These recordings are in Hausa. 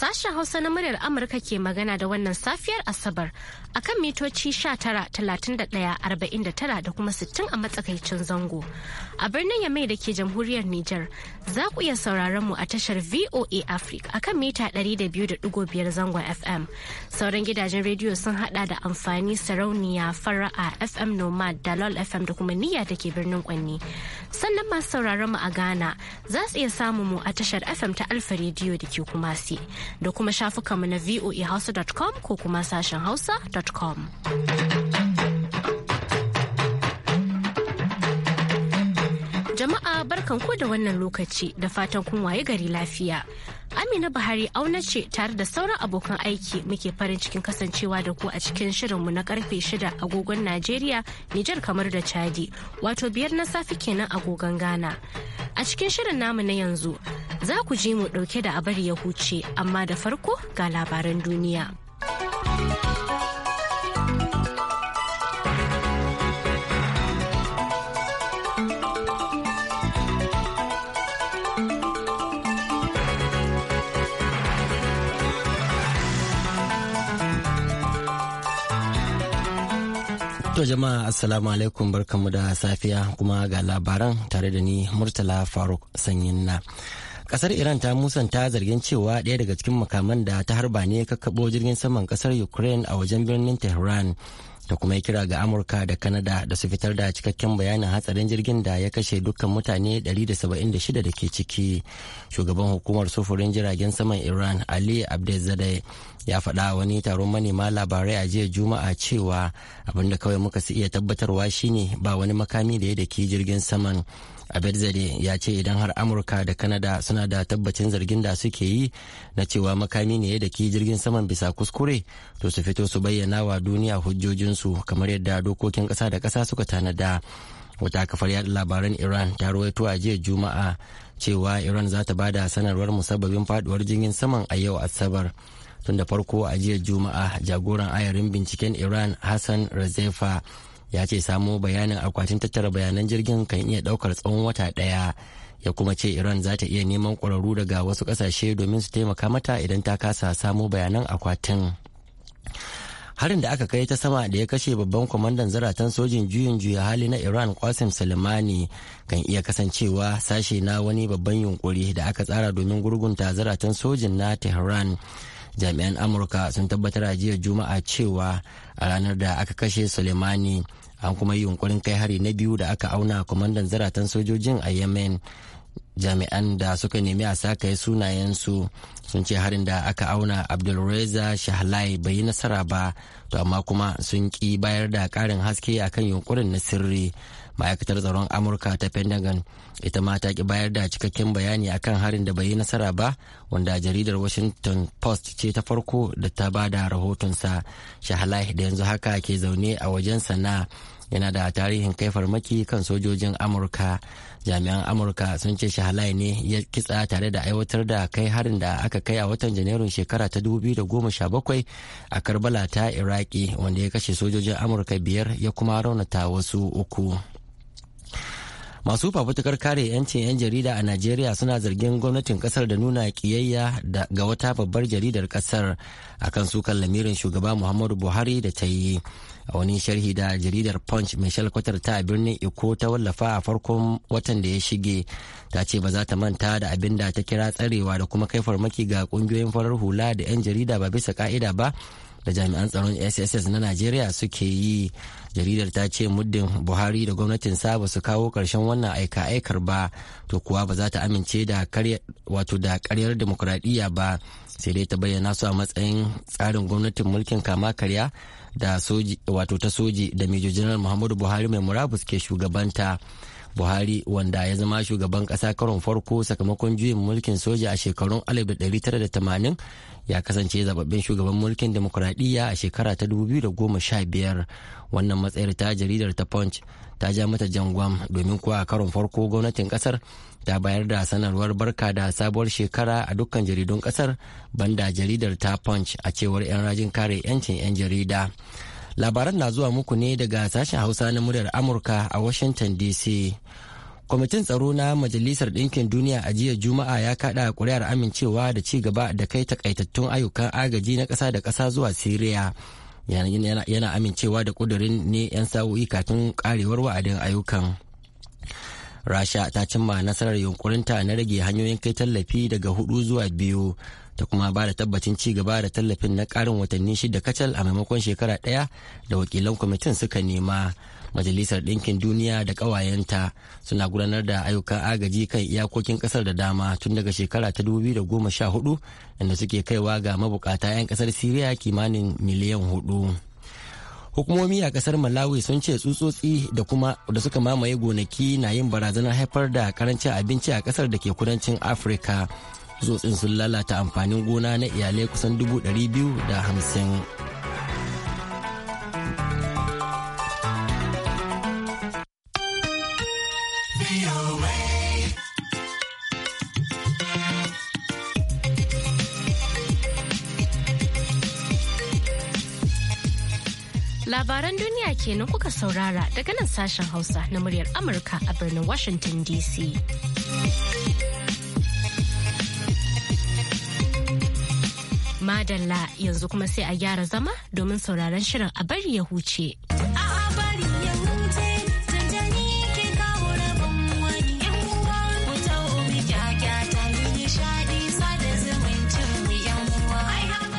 Sashen Hausa na muryar Amurka ke magana da wannan safiyar Asabar akan mitoci 19,31,49 da kuma 60 a matsakaicin zango. A birnin Yamai da ke jamhuriyar Nijar za ku iya sauraron mu a tashar VOA Africa akan mita 200.5 zangon FM. Sauran gidajen rediyo sun hada da amfani sarauniya fara'a FM Nomad da LOL FM da kuma niyya da ke birnin Kwanni. Sannan masu sauraron mu a Ghana za su iya samun mu a tashar FM ta Alfa rediyo da ke Kumasi. da kuma shafukanmu na voahausa.com ko kuma sashen hausa.com. Jama'a barkan ku da wannan lokaci da fatan kun waye gari lafiya. Amina Buhari auna ce tare da sauran abokan aiki muke farin cikin kasancewa da ku a cikin shirinmu na karfe shida agogon Najeriya, Nijar kamar da Chadi, wato biyar na safi kenan agogon Ghana. A cikin shirin namu na yanzu, za ku je mu ɗauke da abar ya huce amma da farko ga labaran duniya. To jama'a assalamu alaikum barkanmu da safiya kuma ga labaran tare da ni Murtala Faruk Sanyin na. kasar iran ta musanta zargin cewa ɗaya daga cikin makaman da ta harba ne kakkaɓo jirgin saman kasar ukraine a wajen birnin tehran da kuma ya kira ga amurka da kanada da su fitar da cikakken bayanin hatsarin jirgin da ya kashe dukkan mutane 176 da ke ciki shugaban hukumar sufurin jiragen saman iran ali abdulzadeh ya faɗa wani taron manema labarai a jiya juma'a cewa abinda kawai muka su iya tabbatarwa shine ba wani makami da ya daki jirgin saman abedzade ya ce idan har amurka da kanada suna da tabbacin zargin da suke yi na cewa makami ne da ke jirgin saman bisa kuskure to su fito su bayyana wa duniya hujjojinsu kamar yadda dokokin kasa da kasa suka tanada wata kafar yada labaran iran ta ruwaito a jiya juma'a cewa iran za ta bada sanarwar musabbabin faduwar jirgin saman a yau asabar tun da farko a jiya juma'a jagoran ayarin binciken iran hassan razefa ya ce samo bayanin akwatin tattara bayanan jirgin kan iya daukar tsawon wata daya ya kuma ce iran za ta iya neman kwararru daga wasu ƙasashe domin su taimaka mata idan ta kasa samo bayanan akwatin harin da aka kai ta sama da ya kashe babban kwamandan zaratan sojin juyin juya hali na iran qasim salimani kan iya kasancewa sashe na wani babban yunkuri da aka tsara domin gurgunta zaratan sojin na tehran jami'an amurka sun tabbatar a jiya juma'a cewa a ranar da aka kashe soleimani an kuma yi yunkurin kai hari na biyu da aka auna kwamandan zaratan sojojin a yemen jami'an da suka nemi a sakaye sunayensu sun ce harin da aka auna abdulreza shahlai bai yi nasara ba to amma kuma sun ki bayar da ƙarin haske akan yunkurin na sirri ma'aikatar tsaron amurka ta pentagon ita ma ta ki bayar da cikakken bayani akan harin da bai yi nasara ba wanda jaridar washington post ce ta farko da ta ba da rahotonsa shahalai da yanzu haka ke zaune a wajen sana'a yana da tarihin kai farmaki kan sojojin amurka jami'an amurka sun ce shahalai ne ya kitsa tare da aiwatar da kai harin da aka kai a watan janairun shekara ta 2017 a karbala ta iraki wanda ya kashe sojojin amurka biyar ya kuma raunata wasu uku. masu fafutukar kare 'yancin 'yan jarida a najeriya suna zargin gwamnatin kasar da nuna kiyayya ga wata babbar jaridar kasar akan sukan lamirin shugaba muhammadu buhari da ta yi a wani sharhi da jaridar punch mai shalkwatar ta a birnin iko ta wallafa a farkon watan da ya shige ta ce ba za ta manta da abin da ta kira tsarewa da kuma kai farmaki ga kungiyoyin farar hula da 'yan jarida ba bisa ka'ida ba da jami'an tsaron sss na najeriya suke yi jaridar ta ce muddin buhari da sa ba su kawo ƙarshen wannan aika-aikar ba to kuwa ba za ta amince da wato da karyar demokuraɗiyya ba sai dai ta bayyana su a matsayin tsarin gwamnatin mulkin kama karya da soji wato ta soji da major general muhammadu buhari mai murabus ke shugabanta buhari wanda ya zama shugaban kasa karon farko sakamakon juyin mulkin soja a shekarun 1980 ya kasance zababben shugaban mulkin demokuraɗiyya a shekara ta 2015 wannan matsayar ta jaridar ta punch ta ja mata jangwam domin kuwa a karon farko gwamnatin kasar ta bayar da sanarwar barka da sabuwar shekara a dukkan jaridun kasar banda jaridar ta punch a cewar 'yan rajin kare 'yancin 'yan jarida labaran na zuwa muku ne daga sashen hausa na muryar amurka a washington dc kwamitin tsaro na majalisar ɗinkin duniya a jiya juma'a ya kaɗa ƙuri'ar amincewa da ci gaba da kai takaitattun ayyukan agaji na ƙasa da ƙasa zuwa siriya yana amincewa da kudurin ne 'yan sa'o'i kafin karewar wa'adin ayyukan rasha ta cimma nasarar yunkurinta na rage hanyoyin kai tallafi daga hudu zuwa biyu ta kuma ba da tabbacin ci gaba da tallafin na karin watanni shida kacal a maimakon shekara daya da wakilan kwamitin suka nema majalisar ɗinkin duniya da ƙawayenta suna gudanar da ayyukan agaji kan iyakokin ƙasar da dama tun daga shekara ta 2014 inda suke kaiwa ga mabukata 'yan ƙasar siriya kimanin miliyan hudu hukumomi a kasar malawi sun ce tsutsotsi da kuma da suka mamaye gonaki na yin barazanar haifar da karancin abinci a kasar da ke kudancin afirka tsutsin sun lalata amfanin gona na iyalai kusan dubu da hamsin. Labaran duniya kenan kuka saurara daga nan sashen Hausa na muryar Amurka a birnin Washington DC. Madalla yanzu kuma sai a gyara zama domin sauraron shirin a bari ya huce.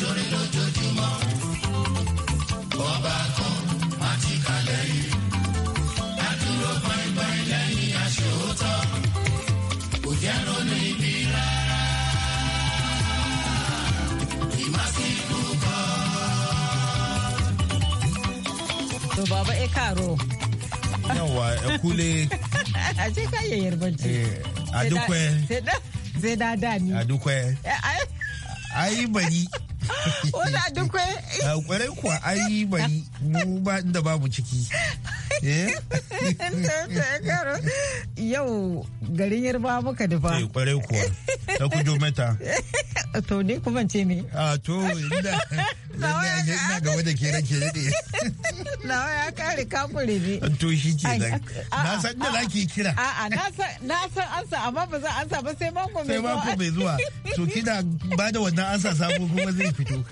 sórí kan baba e karo. yawa kule. a ce ka yi a dukwe. zai da da ni. a dukwe. Eh, ai wani adukwai kwarai kuwa ai bai mu ba inda babu ciki eh? yau garin yarba muka dufa eh, kuwa ta kujo mata to ne kuma ce ne a to ina ina ga wanda ke ranke ne nawa ya kare kafure ne to shi ke na san da zaki kira a a na san ansa amma ba za ansa ba sai mako mai zuwa sai mako mai zuwa to kina ba da wannan ansa sabo kuma zai fito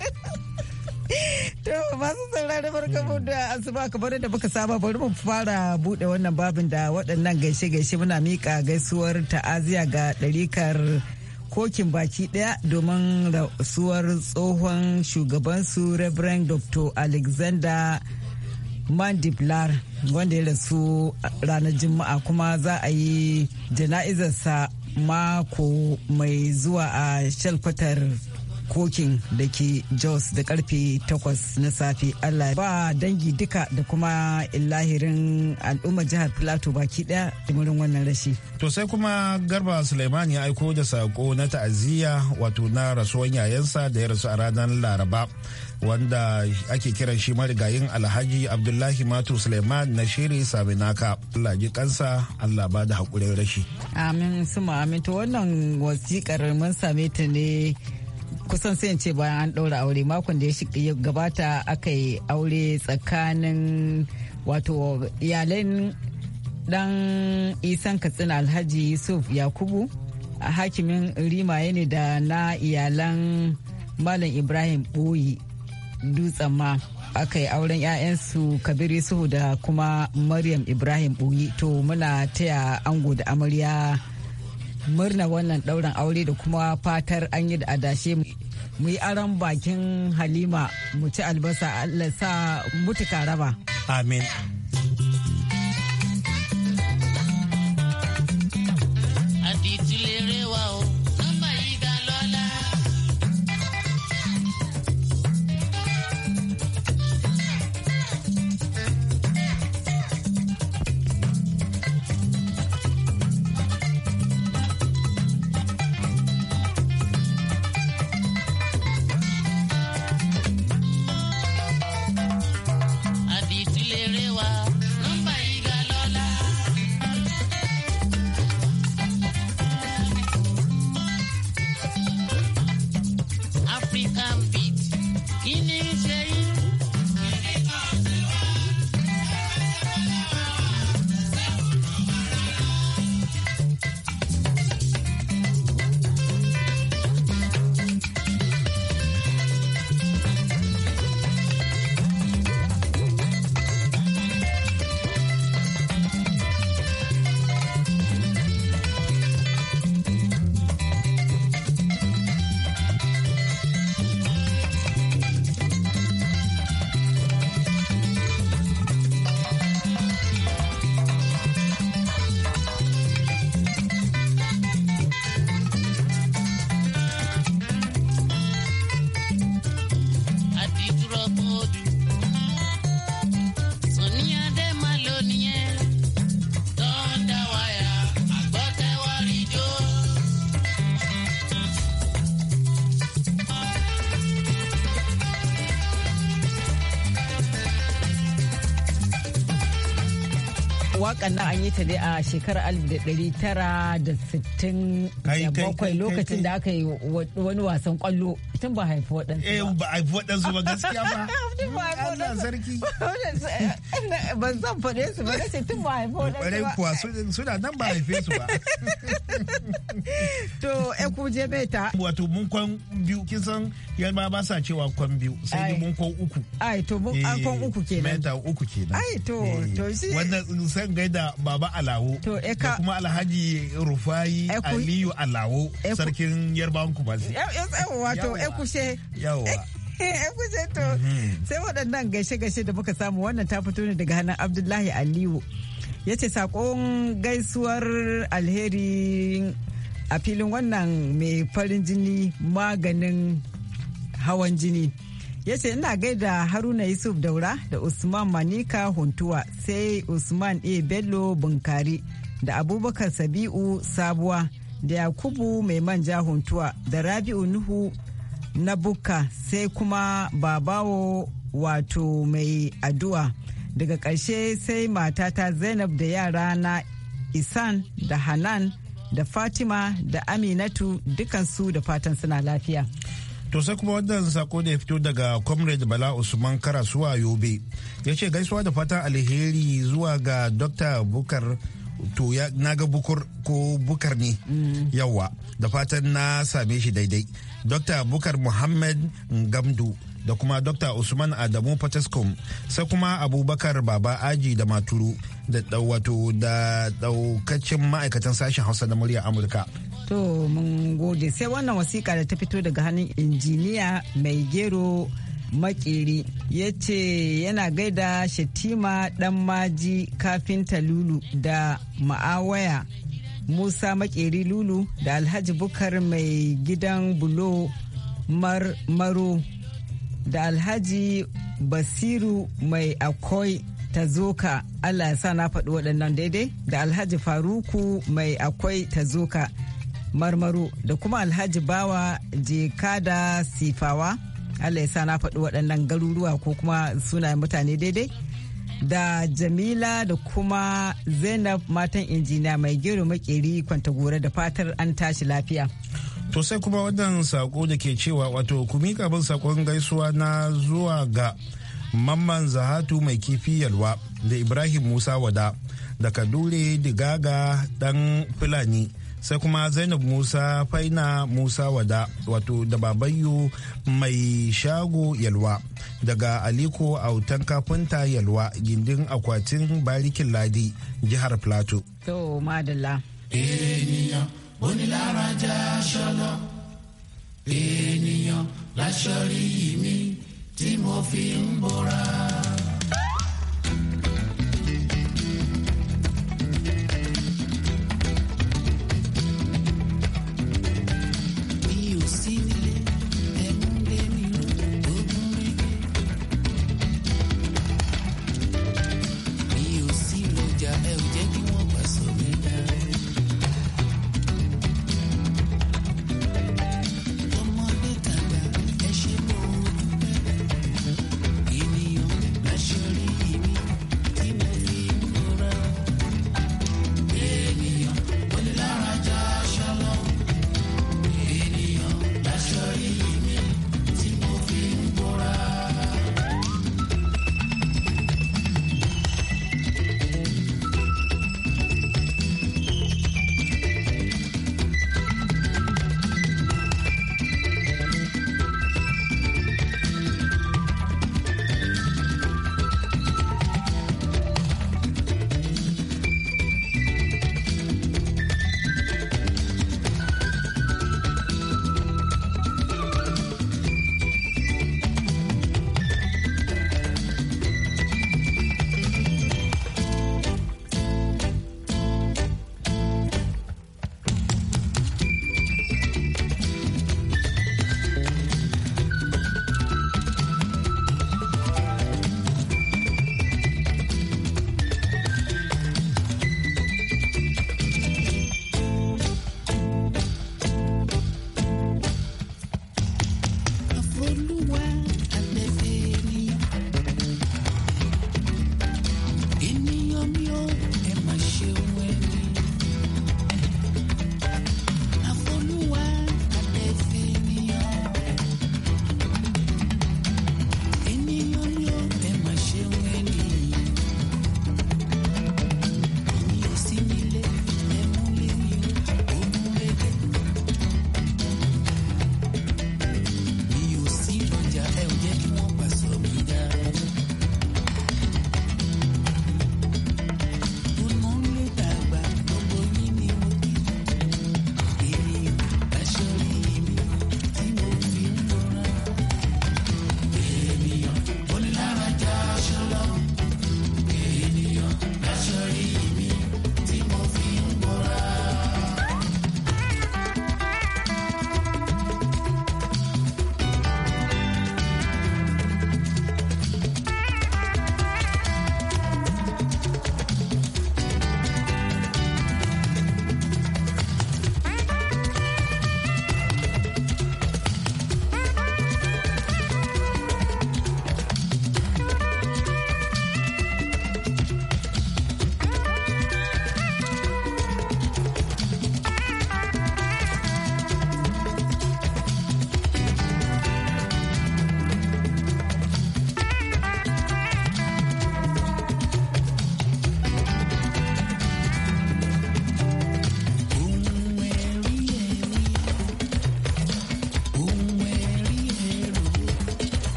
To masu sauraron barkamu da asuba kamar da muka saba bari mu fara bude wannan babin da waɗannan gaishe-gaishe muna mika gaisuwar ta'aziya ga ɗarikar kokin baki daya domin rasuwar tsohon shugabansu reverend dr alexander mandiblar wanda ya rasu ranar juma'a kuma za a yi jana'izarsa mako mai zuwa a shalkwatar kokin da ke jos da karfe 8 na safe allah ba dangi duka da kuma illahirin al'ummar jihar plateau baki daya murin wannan rashi to sai kuma garba suleiman ya aiko da sako na ta'aziyya wato na rasuwan yayansa da ya rasu a ranar laraba wanda ake kiran shi marigayin alhaji abdullahi matu suleiman na shiri saminaka allah ji kansa allah ba da haƙurin rashi amin suma amin to wannan wasikar mun same ta ne kusan sai ce bayan an ɗaura aure makon da ya gabata aka yi aure tsakanin wato iyalan dan isan katsina alhaji yusuf yakubu a hakimin rimaye ne da na iyalan malam ibrahim boyi dutsen ma aka yi auren 'ya'yansu kabir yusuf da kuma maryam ibrahim boyi to muna taya ango da amarya murna wannan ɗaurin aure da kuma fatar an yi da adashe mu yi aron bakin halima mu ci albasa allah sa mutu karaba amin wakan nan an yi ta ne a shekarar 1967 lokacin da aka yi wani wasan kwallo tun ba haifi waɗansu ba. Eh ba haifi waɗansu ba gaskiya ba. Allah sarki. Ban san faɗe su ba nace tun ba haifo da Ƙwarai kuwa suna nan ba haife su ba. To ya kuje bai ta. Wato mun kwan biyu kin san yalma ba sa cewa kwan biyu sai mun kwan uku. Ai to an kwan eh, uku kenan. Meta uku kenan. Ai to eh, to Wannan san gaida baba Alawo. To ya ka. kuma Alhaji Rufai Aliyu Alawo sarkin Yarbawan Kumasi. Yawa wato ya kushe. Yawa. Eh, mhm. sai waɗannan gaishe-gaishe da muka samu wannan ta fito ne daga hannun Abdullahi Aliyu ya ce sakon gaisuwar alheri a filin wannan mai farin jini maganin hawan jini ya ce ina gaida haruna yusuf daura da usman manika huntuwa sai usman a bello bunkari da abubakar sabi'u sabuwa da yakubu mai manja huntuwa da rabi'u nuhu na bukka sai kuma babawo wato mai addu'a daga ƙarshe sai matata zainab da yara na isan da hanan da fatima da aminatu dukansu da fatan suna lafiya to sai kuma wannan sako da ya fito daga comrade bala usman kara karasuwa yobe ya ce gaisuwa da fatan alheri zuwa ga dr bukar to ya naga bukur ko bukar ne mm. yawa da fatan na same shi daidai dr bukar muhammad gamdu da kuma dr usman adamu Potescom sai kuma abubakar baba aji da maturu da wato da daukacin ma'aikatan sashen hausa da murya amurka to mun gode sai wannan wasiƙa da ta fito daga hannun injiniya mai gero makeri ya ce yana gaida shatima dan maji kafin talulu da ma'awaya musa makeri lulu da alhaji bukar mai gidan bulo mar maro da alhaji basiru mai akwai ta allah ya sa na faɗi waɗannan daidai da alhaji faruku mai akwai ta marmaro da kuma alhaji bawa jekada sifawa allah ya sa na faɗi waɗannan garuruwa ko kuma sunayen mutane daidai da jamila da kuma zainab matan injiniya mai gero makeri kwantagora da fatar an tashi lafiya to sai kuma wannan sako da ke cewa wato ku mika bin sakon gaisuwa na zuwa ga mamman zahatu mai kifi yalwa da ibrahim musa wada da kadure digaga dan fulani sai kuma zainab musa faina musa wada wato da babayu mai shago yalwa daga aliko autan kafinta yalwa gindin akwatin barikin ladi jihar plato to madalla mi ti mo fi n bora.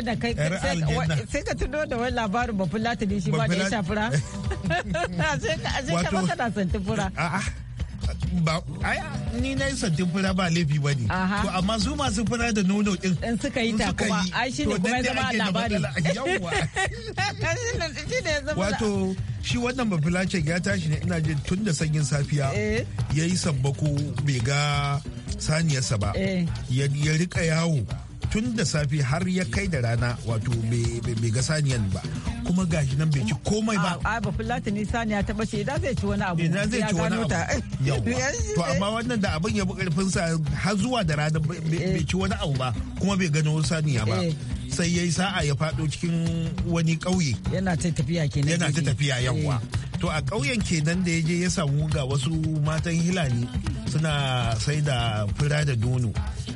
aljanna kai sai ka tuno da wani labarin ba fulata ne shi ba da ya sha fura sai ka maka na santi fura ba ai ni na yi santin fura ba laifi ba ne to amma su masu fura da nono din in suka yi ta kuma ai shi ne kuma zama labari wato shi wannan bafilace ya tashi ne ina jin tun da sanyin safiya eh. ya yi sabbako bai ga saniyarsa ba eh. ya rika yawo tun da safe har ya kai da rana wato bai ga saniyan ba kuma gashi nan bai ci komai ba a ba fulata ni saniya ta bace idan zai ci wani abu idan zai ci wani abu to amma wannan da abin ya bi karfin sa har zuwa da rana bai ci wani abu ba kuma bai gano saniya ba eh. sai yayi sa'a ya fado cikin wani ƙauye yana ta tafiya kenan yana ta tafiya yawa eh. to a ƙauyen kenan da ya je ya samu ga wasu matan hilani suna sai da fura da nono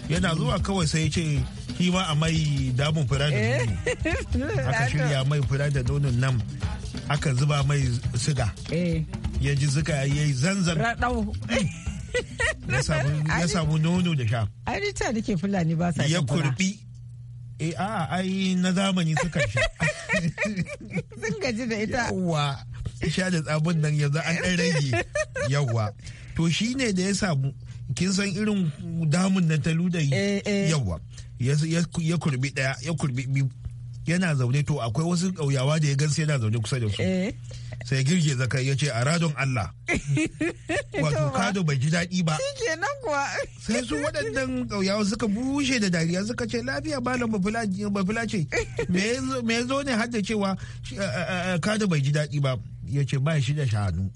yana zuwa kawai sai ya ce shi ma a mai damun fura da nono eh. aka shirya mai fura da nono nan aka zuba mai siga eh. ya ji zuka ya yi zanzan ya samu nono da sha ai rita da ke fulani ba sa ya kurbi eh a'a ai na zamani suka sha sun gaji da ita sha da tsabin nan yanzu an ɗan rage yawwa to shi ne da ya samu kin san irin damun na ta luda eh, eh. yawwa ya kurbi ɗaya ya kurbi biyu yana zaune to akwai wasu ƙauyawa da ya gan sai yana zaune kusa da su eh. sai girge zaka ya ce a radon Allah wato kado bai ji daɗi ba sai su waɗannan ƙauyawa suka bushe da dariya suka ce lafiya ba bafula ce me zo ne har cewa kado bai ji daɗi ba ya ce ba shi da shanu.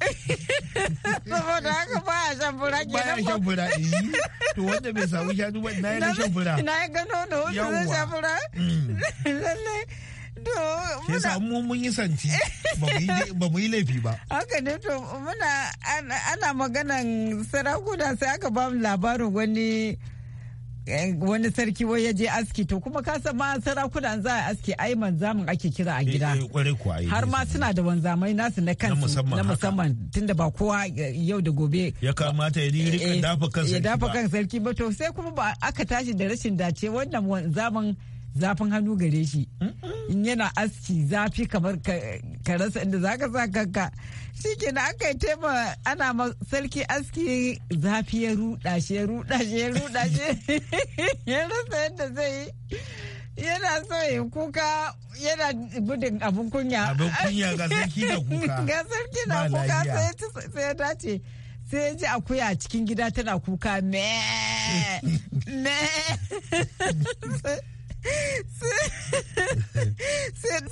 Saboda haka ba ya shan fura ke Ba ya shan fura eh. To wanda bai samu shanu ba na ya shan fura. Na yi gano da wanda zai shan fura. Mm. Lallai. Ke samu mun yi santi ba mu yi laifi ba. Haka ne to muna ana maganan sarakuna sai aka ba mu labarin wani Eh, wani sarki wai ya je aski to kuma ka san ma sarakunan za a aski ai manzamin ake kira a gida eh, eh, har ma suna da wanzamai nasu na kan na musamman tunda ba kowa yau da gobe ya kamata ya rika dafa kan sarki ba to sai kuma ba aka tashi da rashin dace wannan wanzamin zafin hannu gare shi in yana aski zafi kamar ka rasa inda ka sa kanka shi ke na aka yi tema ana ma sarki aski zafi ya ruɗa shi ya ruɗa shi ya ruɗa shi ya rasa yadda zai yi yana so yin kuka yana gudun abin kunya abin kunya ga sarki da kuka ga sarki da kuka sai ya dace sai ya ji akuya cikin gida tana kuka me me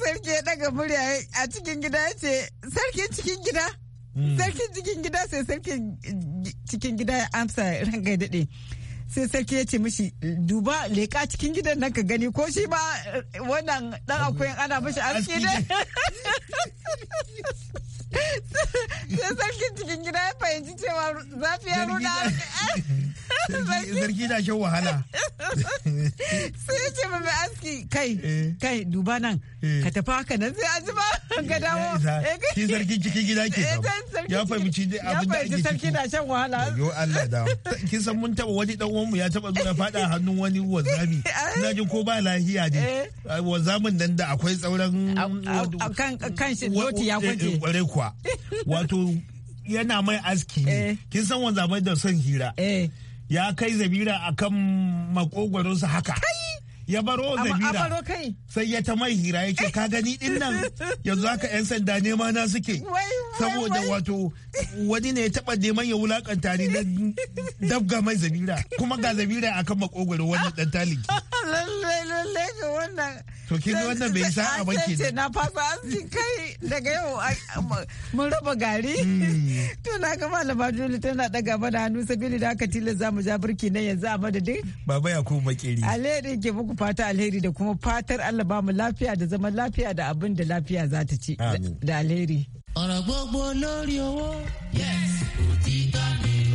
sarki ya daga murya a cikin gida ya ce sarkin cikin gida hmm. sarkin cikin gida sai sarkin cikin gida ya amsa rangai daɗe sai sarki ya ce mishi duba leƙa cikin gidan nan ka gani ko shi ba eh, wannan dan akwai ana mishi arziki ne sai sarkin cikin gida ya fahimci cewa zafi ya runa Sarki na shan wahala. Sai ya ce ma mai aski kai, eh. kai duba nan, eh. ka tafi haka nan sai a jima ka dawo. Eh, Ki sarkin cikin gida ke Ya fahimci dai abin da ake ciki na shan wahala. Yo Allah da. Kin san mun taba wani dan uwanmu ya taba zuwa fada hannun wani wanzami. Ina jin ko ba lahiya ne. Wanzamin nan da akwai tsauran kan shi loti ya kwaje. Kwarai kuwa. Wato yana mai aski. Kin san wanzamai da son hira. ya kai zabira a akan makogwaronsa haka ya baro zabira sai ya ta mai hira ya ce ka gani din nan yanzu haka 'yan sanda nema na suke saboda wato wani ne ya taɓa neman ya wulakanta ni na dabga mai zabira kuma ga zabira a kan makogwaro wannan ɗan taliki lallai lallai ga wannan to kin wannan bai sa a banki ce na fasa aski kai daga yau mun raba gari mm. to na ga malama Juli tana daga da hannu sabili da aka tilas mu ja burki na yanzu a madadin baba ya kuma makeri alheri ke muku fata alheri da kuma fatar Allah ba mu lafiya da zaman lafiya da abin da lafiya za ta ci da alheri ọ̀rọ̀ gbogbo lórí owó yes òtítọ́ ne.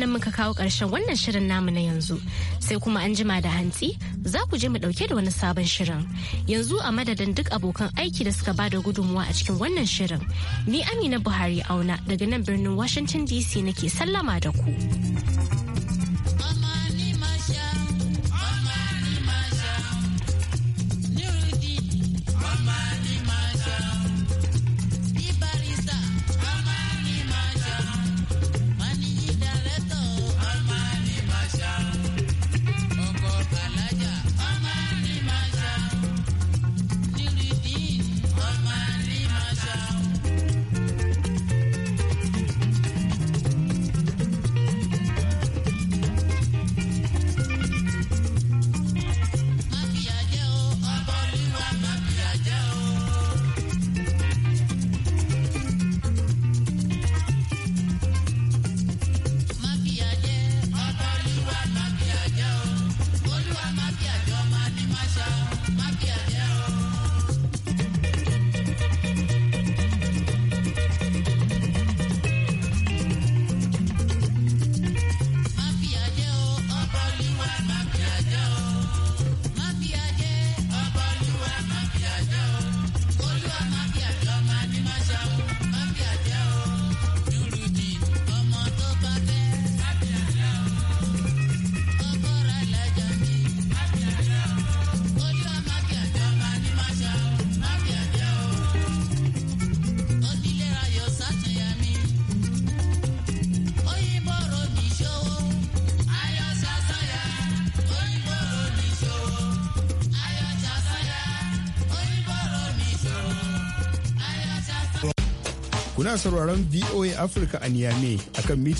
anan muka kawo ƙarshen wannan shirin namu na yanzu sai kuma an jima da hantsi za ku je mu ɗauke da wani sabon shirin yanzu a madadin duk abokan aiki da suka bada gudunmuwa a cikin wannan shirin ni amina buhari auna daga nan birnin washington dc nake sallama da ku. Kuna sauraron VOA Africa a Niamey akan